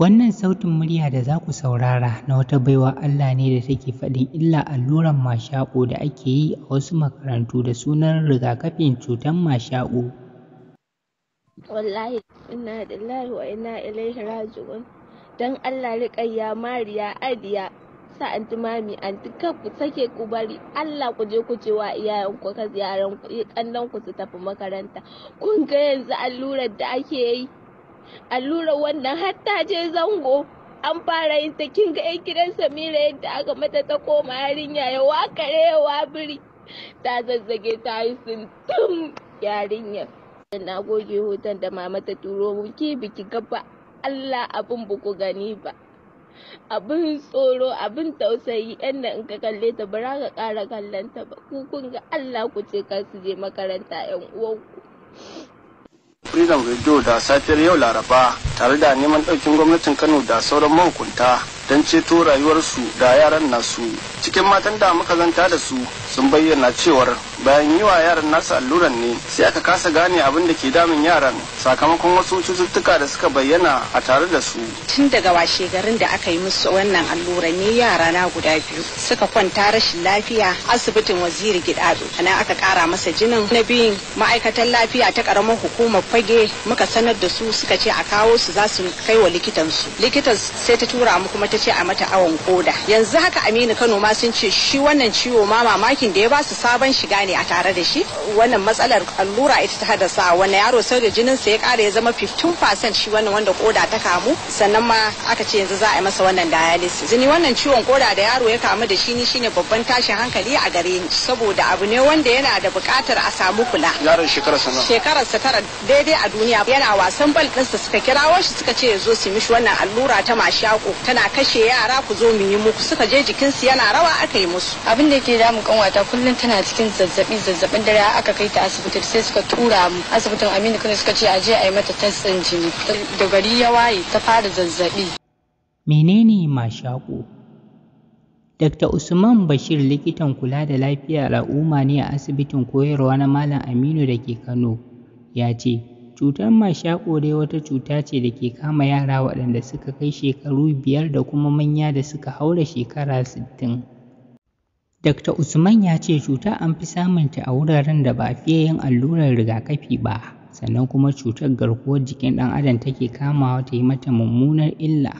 Wannan sautin murya da za ku saurara na wata baiwa Allah ne da take faɗin illa alluran mashaƙo da ake yi a wasu makarantu da sunan rigakafin cutar mashaƙo. Wallahi inna lillahi wa inna ilaihi raji'un. Dan Allah riƙayya Mariya Adiya sa anti mami anti kar ku sake ku bari Allah ku je ku ce wa iyayen ku ka ziyaran ku kannan ku su tafi makaranta kun ga yanzu allurar da ake yi allurar wannan har ta je zango an fara yin ta kin ga gidan samira yadda aka mata ta koma yarinya ya wakare ya wabiri ta zazzage ta yi sintum yarinya na goge hoton da mama ta turo mun ki biki gaba allah abin ku gani ba abin tsoro abin tausayi yadda in ka kalle ta ba za ka ƙara kallon ba ku kun ga allah ku ce kar su je makaranta yan uwanku freedom radio da safiyar yau laraba tare da neman ɗaukin gwamnatin kano da sauran mahukunta don ceto rayuwarsu da yaran nasu cikin matan da muka zanta da su sun bayyana cewar bayan yi wa yaran nasu alluran ne sai aka kasa gane abin da ke damun yaran sakamakon wasu cututtuka da suka bayyana a tare da su tun daga washe garin da aka yi musu wannan alluran ne yara na guda biyu suka kwanta rashin lafiya asibitin waziri gidado ana aka kara masa jinin na biyun ma'aikatan lafiya ta karamar hukumar fage muka sanar da su suka ce a kawo su za su kai wa likitan su likitan sai ta tura mu kuma ta ce a mata awon koda yanzu haka aminu kano ma sun ce shi wannan ciwo ma mamakin da ya ba su sabon shiga ne ne a tare da shi wannan matsalar allura ita ta haddasa wanda yaro sau da jinin sa ya kare ya zama 15% shi wannan wanda koda ta kamu sannan ma aka ce yanzu za a yi masa wannan dialysis jini wannan ciwon koda da yaro ya kamu da shi ni shine babban tashin hankali a gare ni saboda abu ne wanda yana da bukatar a samu kula yaron shekararsa nawa sa tara daidai a duniya yana wasan bal sa suka kirawo shi suka ce ya zo su mishi wannan allura ta mashako tana kashe yara ku zo mu yi muku suka je jikinsu yana rawa aka yi musu abin da yake damun kanwata kullum tana cikin zazzabi zazzabi zazzabin dare aka kai ta asibiti sai suka tura mu asibitin aminu kuma suka ce aje a yi mata testin jini da gari ya waye ta fara zazzabi menene mashaƙo Dr. Usman Bashir likitan kula da lafiya al'umma ne a asibitin koyarwa na Malam Aminu da ke Kano ya ce cutar mashaƙo dai wata cuta ce da ke kama yara waɗanda suka kai shekaru biyar da kuma manya da suka haura shekara sittin. Dr. Usman ya ce cutar an fi samun ta a wuraren da ba fiye yin allurar rigakafi ba, sannan kuma cutar garkuwar jikin ɗan adam take kamawa ta yi mata mummunar illa.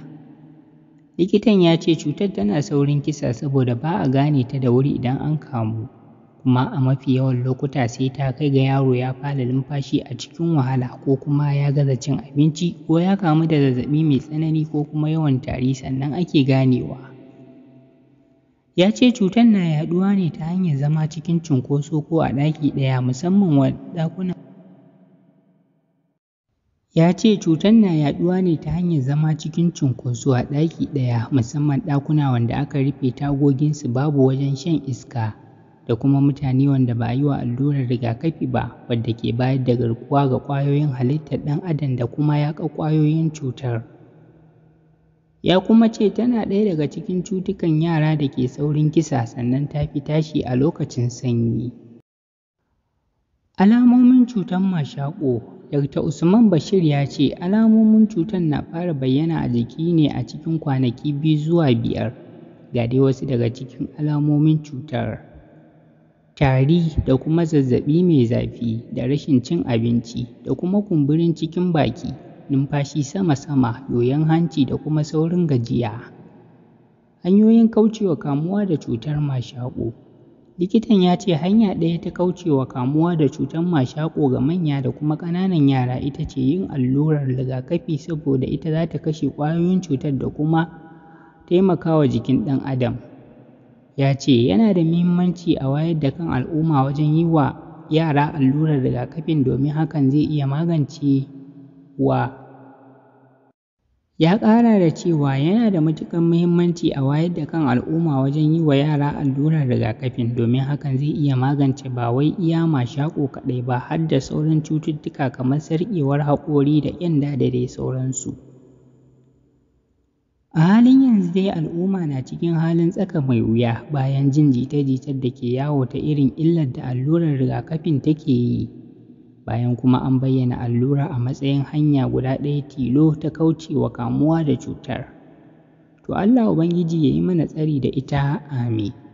Likitan ya ce cutar tana saurin kisa saboda ba a gane ta da wuri idan an kamu, kuma a mafi yawan lokuta sai ta kai ga yaro ya fara numfashi a cikin wahala ko kuma ya gaza cin abinci ko ya kamu da zazzaɓi mai tsanani ko kuma yawan tari sannan ake ganewa. ya ce cutar na yaduwa ne ta hanyar zama cikin cunkoso ko a ɗaki ɗaya musamman wa ɗakuna ya ce cutar na yaduwa ne ta hanyar zama cikin cunkoso a ɗaki ɗaya musamman ɗakuna wanda aka rufe tagoginsu babu wajen shan iska da kuma mutane wanda ba a yi wa allurar rigakafi ba wadda ke bayar da garkuwa ga ƙwayoyin halittar ɗan adam da kuma yaƙa ƙwayoyin cutar Ya kuma ce tana ɗaya daga cikin cutukan yara da ke saurin kisa sannan ta fi tashi a lokacin sanyi. Alamomin cutar mashaƙo Dr. Usman Bashir ya ce alamomin cutar na fara bayyana a jiki ne a cikin kwanaki biyu zuwa biyar. Ga dai wasu daga cikin alamomin cutar. Tari da kuma zazzaɓi mai zafi da rashin cin abinci da kuma kumburin cikin baki numfashi sama-sama yoyon hanci da kuma saurin gajiya hanyoyin kaucewa kamuwa da cutar mashaƙo likitan ya ce hanya ɗaya ta kaucewa kamuwa da cutar mashaƙo ga manya da kuma ƙananan yara ita ce yin allurar rigakafi saboda ita za ta kashe ƙwayoyin cutar da kuma taimakawa jikin ɗan adam ya ce yana da muhimmanci a wayar da kan al'umma wajen yi wa yara allurar rigakafin domin hakan zai iya magance wa Ya ƙara da cewa yana da matuƙar muhimmanci a wayar da kan al'umma wajen yi wa yara allurar rigakafin domin hakan zai iya magance ba wai iya mashaƙo kaɗai ba har da sauran cututtuka kamar sarƙewar haƙori da ƙyanda da dai sauransu. A halin yanzu dai al'umma na cikin halin tsaka mai wuya bayan jin jita-jitar da ke yawo ta irin illar da allurar rigakafin take yi. bayan kuma an bayyana allura a matsayin hanya guda ɗaya tilo ta kauce wa kamuwa da cutar. To Allah Ubangiji ya yi mana tsari da ita, amin.